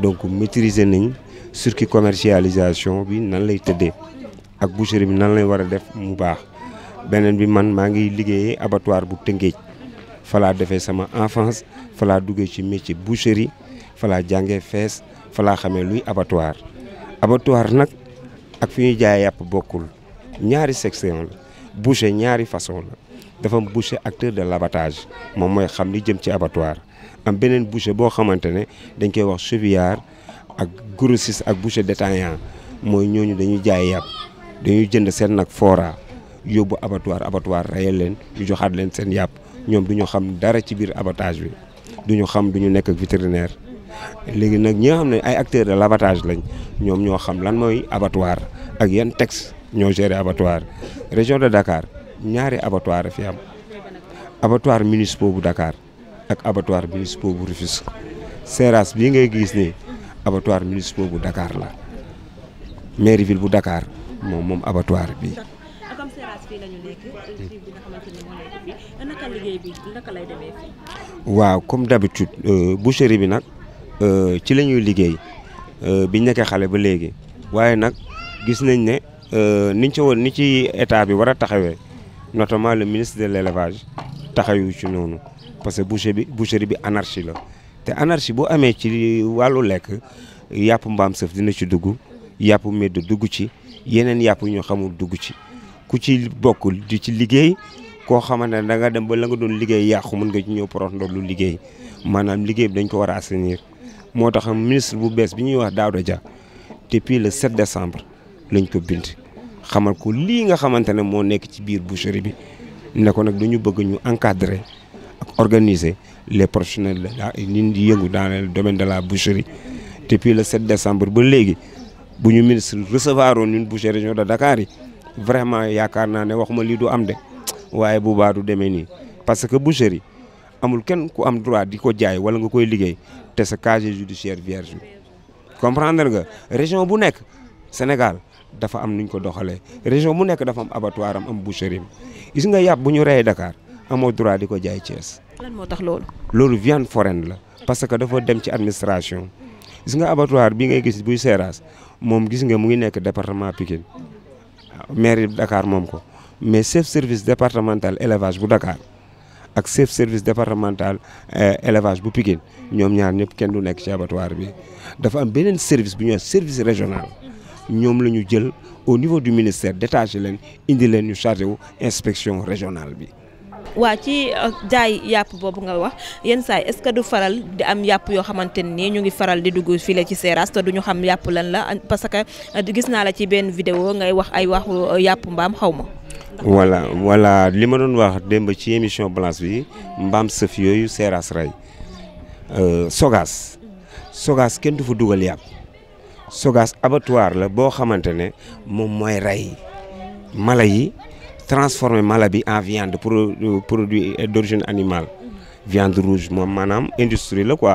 donc maîtriser nañ circuit commercialisation bi nan lay tëddee ak boucherie bi nan lay war a def mu baax beneen bi man maa ngi liggéeyee abattoir bu Tëngéej falaa defee sama enfance falaa duggee ci métier boucherie falaa jàngee fees falaa xamee luy abattoir abattoir nag ak fi ñuy jaay yàpp bokkul ñaari section la boucher ñaari façon la dafa am boucher acteur de l'abattage moom mooy xam li jëm ci abattoir am beneen boucher boo xamante ne dañ koy wax chevillard ak grossiste ak de détaillant mooy ñooñu dañuy jaay yàpp dañuy jënd seen nag fora yóbbu abattoir abattoir rayal leen ñu joxaat leen seen yàpp ñoom du ñu xam dara ci biir abattage bi du ñu xam du ñu nekk ak vétérinaire léegi nag ñi xam ne ay acteurs de l'abattage lañ ñoom ñoo xam lan mooy abattoir ak yan tex ñoo gérer abattoir région de Dakar ñaari abattoir fi am abattoir municipal bu Dakar ak abatoire municipal bu Rufisque seeraas bii ngay gis nii abattoir municipal bu dakaar la mairie ville bu dakaar moom moom abatoire bi waaw comme d'habitude euh, boucherie bi nag euh, ci la ñuy liggéey euh, bi nekkee xale ba léegi waaye nag gis nañ ne niñ ci woon ni ci état bi war a taxawee notamment le ministre de l'élevage taxawu ci noonu parce que boucher bi boucherie bi anarchie la te anarchie bu amee ci wàllu lekk yàpp mbaam sëf dina ci dugg yàpp medd dugg ci yeneen yàpp ñu xamul dugg ci ku ci bokk di ci liggéey koo xamante ne da nga dem ba la nga doon liggéey yàqu mën nga ci ñëw porox ndox lu liggéey maanaam liggéey bi dañ ko war a assainir moo tax ministre bu bees bi ñuy wax Daouda Dia depuis le 7 décembre lañ ko bind xamal ko lii nga xamante ne moo nekk ci biir boucherie bi ne ko nag du ñu bëgg ñu encadrer ak organiser les professionnels de ñun di yëngu dans le domaine de la boucherie depuis le 7 decembre ba léegi bu ñu ministre recevoir ro ñun boucher région de Dakar vraiment yaakaar naa ne waxuma lii du am de waaye bu baax du demee nii parce que boucherie amul kenn ku am droit di ko jaay wala nga koy liggéey te sa casier judiciaire vierge comprendre nga région bu nekk Sénégal dafa am nuñ ko doxalee région bu nekk dafa am abattoir am am boucherie gis nga yàpp bu ñu reyee Dakar amoo droit di ko jaay Thiès. moo tax loolu. loolu viande la parce que dafa dem ci administration gis nga abattoir bi ngay gis buy Seras moom gis nga mu ngi nekk département Pikine mairie Dakar moom ko mais chef service départemental élevage bu dakaar ak chef service départemental euh, élevage bu Pikine ñoom ñaar ñëpp kenn du nekk ci abattoir bi dafa am beneen service bu ñu wax service régional ñoom la ñu jël au niveau du ministère détaché leen indi leen ñu chargé wu inspection régionale bi. waa ci euh, jaay yàpp boobu nga wax yenn saa yi est-ce que du faral di am yàpp yoo xamante nii ñu ngi faral di dugg fii la ci Seras te ñu xam yàpp lan la parce que euh, gis naa la ci benn vidéo ngay wax ay waxu euh, yàpp mbaam xaw ma. walla walla li ma doon wax démb ci émission balance bi mbaam sëf yooyu Seras rey Sogas Sogas kenn du fa dugal yàpp Sogas abattoir la boo xamante ne moom mooy rey mala yi. transformer mala bi en viande pour euh, produit d'origine animale viande rouge moom maanaam industrie la quoi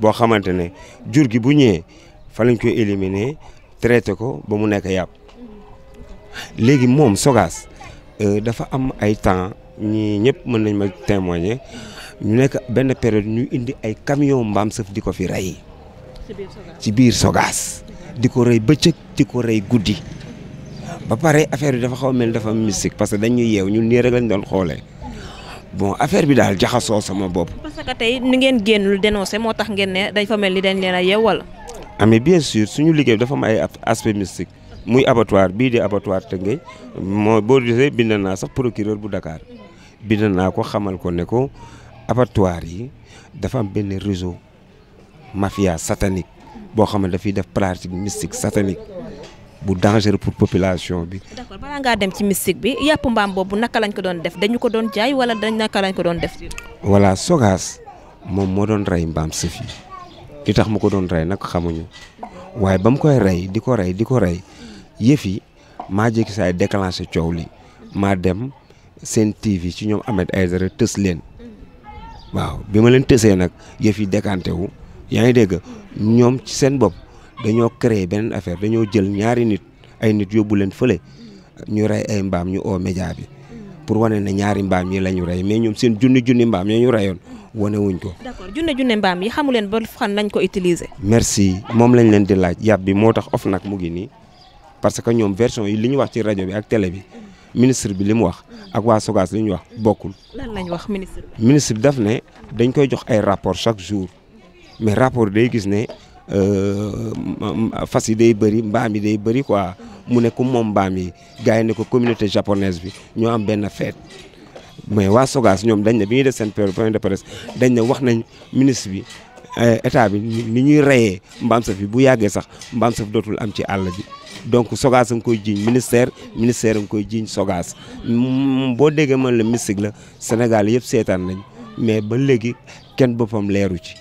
boo xamante ne jur gi bu ñëwee fa lañ koy éliminer traité ko ba mu nekk yàpp léegi moom Sogas euh, dafa am ay temps ñi ñëpp mën nañ ma témoigner ñu nekk benn période ñu indi ay camion mbaam sëf di ko fi rey ci biir Sogas di ko rey bëccëg di ko rey guddi ba pare affaire bi dafa xaw a mel dafa mystique parce que dañuy yeew ñun nii rek lañ doon xoolee bon affaire bi daal jaxasoo sama bopp. parce que tey ni ngeen génn lu dénoncé moo tax ngeen ne dañ fa mel ni dañ leen a yeew wala. ah mais bien sûr suñu liggéey dafa am ay aspect mystique muy abattoir bii di abattoir Tëngéej moo boo gisee bind naa sax procureur bu dakaar bind naa ko xamal ko ne ko abattoir yi dafa am benn réseau mafia satanique boo xam ne dafiy def pratique mystique satanique. bu dangereux pour population bi. d'accord balaa ngaa dem ci mystique bi yàpp mbaam boobu naka lañ ko doon def dañu ko doon jaay wala dañ naka lañ ko doon def. wala Sogas moom moo doon rey mbaam sëf yi tax mu ko doon rey nag xamuñu waaye ba mu koy rey di ko rey di ko rey yëf yi maa jékki saay déclenché coow li maa dem seen TV si ñoom Ahmed Aïdara tës leen waaw bi ma leen tësee nag yëf yi décanté wu yaa ngi dégg ñoom ci seen bopp. dañoo créer beneen affaire dañoo jël ñaari nit ay nit yóbbu leen fële ñu rey ay mbaam ñu oo média bi pour wane na ñaari mbaam yi la ñu rey mais ñoom seen junni junni mbaam ñoo ñu reyoon wane wuñ ko. d'accord junne junne mbaam yi xamu leen ba fan lañ ko utiliser. merci moom lañ leen di laaj yàpp bi moo tax OFNAC mu ngi nii parce que ñoom version yi li ñu wax ci rajo bi ak télé bi ministre bi li mu wax ak waa SOGAS li ñu wax bokkul. lan wax ministre ministre daf ne dañ koy jox ay rapport chaque jour mais rapport day gis ne. Euh, fas yi day bëri mbaam yi day bëri quoi mu ne moom mbaam yi gars yi ne ko communauté japonaise bi ñoo am benn fête mais waa Sogas ñoom dañ ne bi ñuy def seen point de presse dañ ne wax nañ ministre bi euh, état bi ni ñuy reyee mbaam saf bi bu yàggee sax mbaam saf dootul am ci àll bi donc Sogas a nga koy jiiñ ministère ministère a nga koy jiiñ Sogas boo déggee man la mystique la Sénégal yëpp seetaan nañ mais ba léegi kenn boppam leeru ci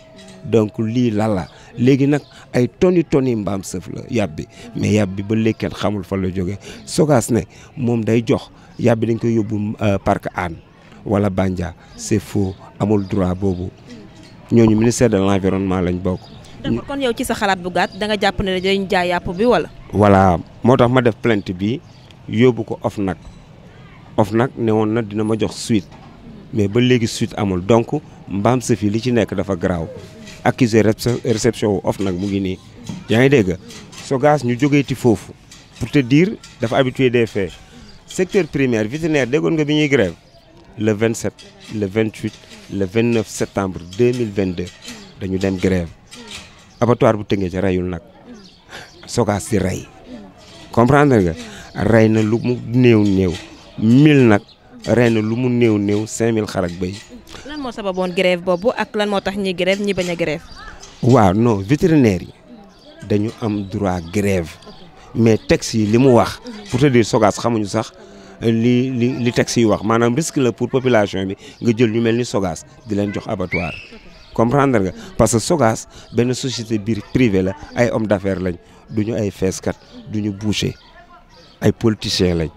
donc lii lan léegi nag ay toni toni mbaam sëf la yàbbi mais yàb bi ba léegi kenn xamul fa la jóge sogaas ne moom day jox yàb bi dañ koy yóbbu euh, parc Hann wala Bandia c'est faux amul droit boobu ñooñu ministère de l'environnement lañ bokk. d'accord kon yow ci sa xalaat bu gàtt da nga jàpp ne dañ jaay yàpp bi wala. voilà moo tax ma def plainte bi yóbbu ko of nag OFNAC nag ne woon na dina ma jox suite mais ba léegi suite amul donc mbaam sëf yi li ci nekk dafa garaaw. accusé réception wu nag mu ngi nii yaa ngi dégg Sogas ñu jógee jógeeti foofu pour te diir dafa habitué des faits secteur primaire vétérinaire déggoon nga bi ñuy grève le 27 le 28 le 29 septembre 2022 dañu dem grève abattoir bu tëngee ca reyul nag Sogas di rey comprendre nga rey na lu mu néew néew mille nag rey na lu mu néew néew cinq mille xar béy moo sababoon grève boobu ak lan moo tax ñi grève ñi bañ a grève waaw non vétérinaire yi dañu am droit grève mais texte yi li mu wax pour te dire Sogas xamuñu sax li li li texte yi wax maanaam risque la pour population bi nga jël ñu mel ni Sogas di leen jox abattoir comprendre nga parce que Sogas benn société biir privée la ay homme d'affaires lañ duñu ay feeskat duñu boucher ay politiciens lañ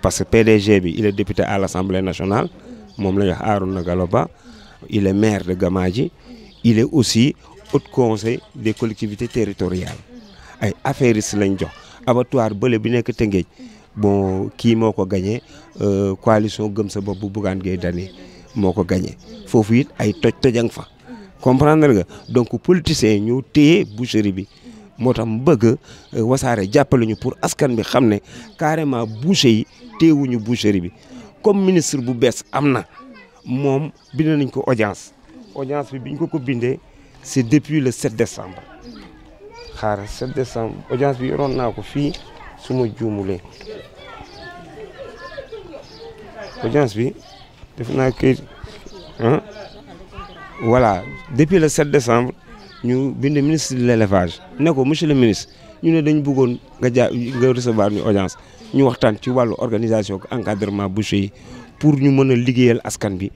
parce que PDG bi il est député à l'Assemblée nationale moom la ñuy wax Arouna Gallo Ba il est maire de Gamadji il est aussi haut conseil des collectivités territoriales ay affaires lañ jox abattoir bële bi nekk Tëngéej bon kii moo ko gagné euh, coalition gëm sa bopp bu Bougane Gueye Dany moo ko gagné foofu it ay toj tojang fa comprendre ga donc politiciens ñu téye boucherie bi moo tax mu bëgg euh, wasaare jàppale ñu pour askan bi xam ne carrément boucher yi téyewuñu boucherie bi comme ministre bu bees am na moom bind nañ ko audience audience bi biñ ko ko bindee c'est depuis le 7 décembre xaar 7 décembre audience bi yoroon naa ko fii suma ma juumulee audience bi def naa kay voilà depuis le 7 desembre ñu bind ministre de l'élevage ne ko monsieur le ministre ñu ne dañ buggoon nga jaa nga recevoir ñu audience ñu waxtaan ci wàllu organisation encadrement boucher yi pour ñu mën a liggéeyal askan bi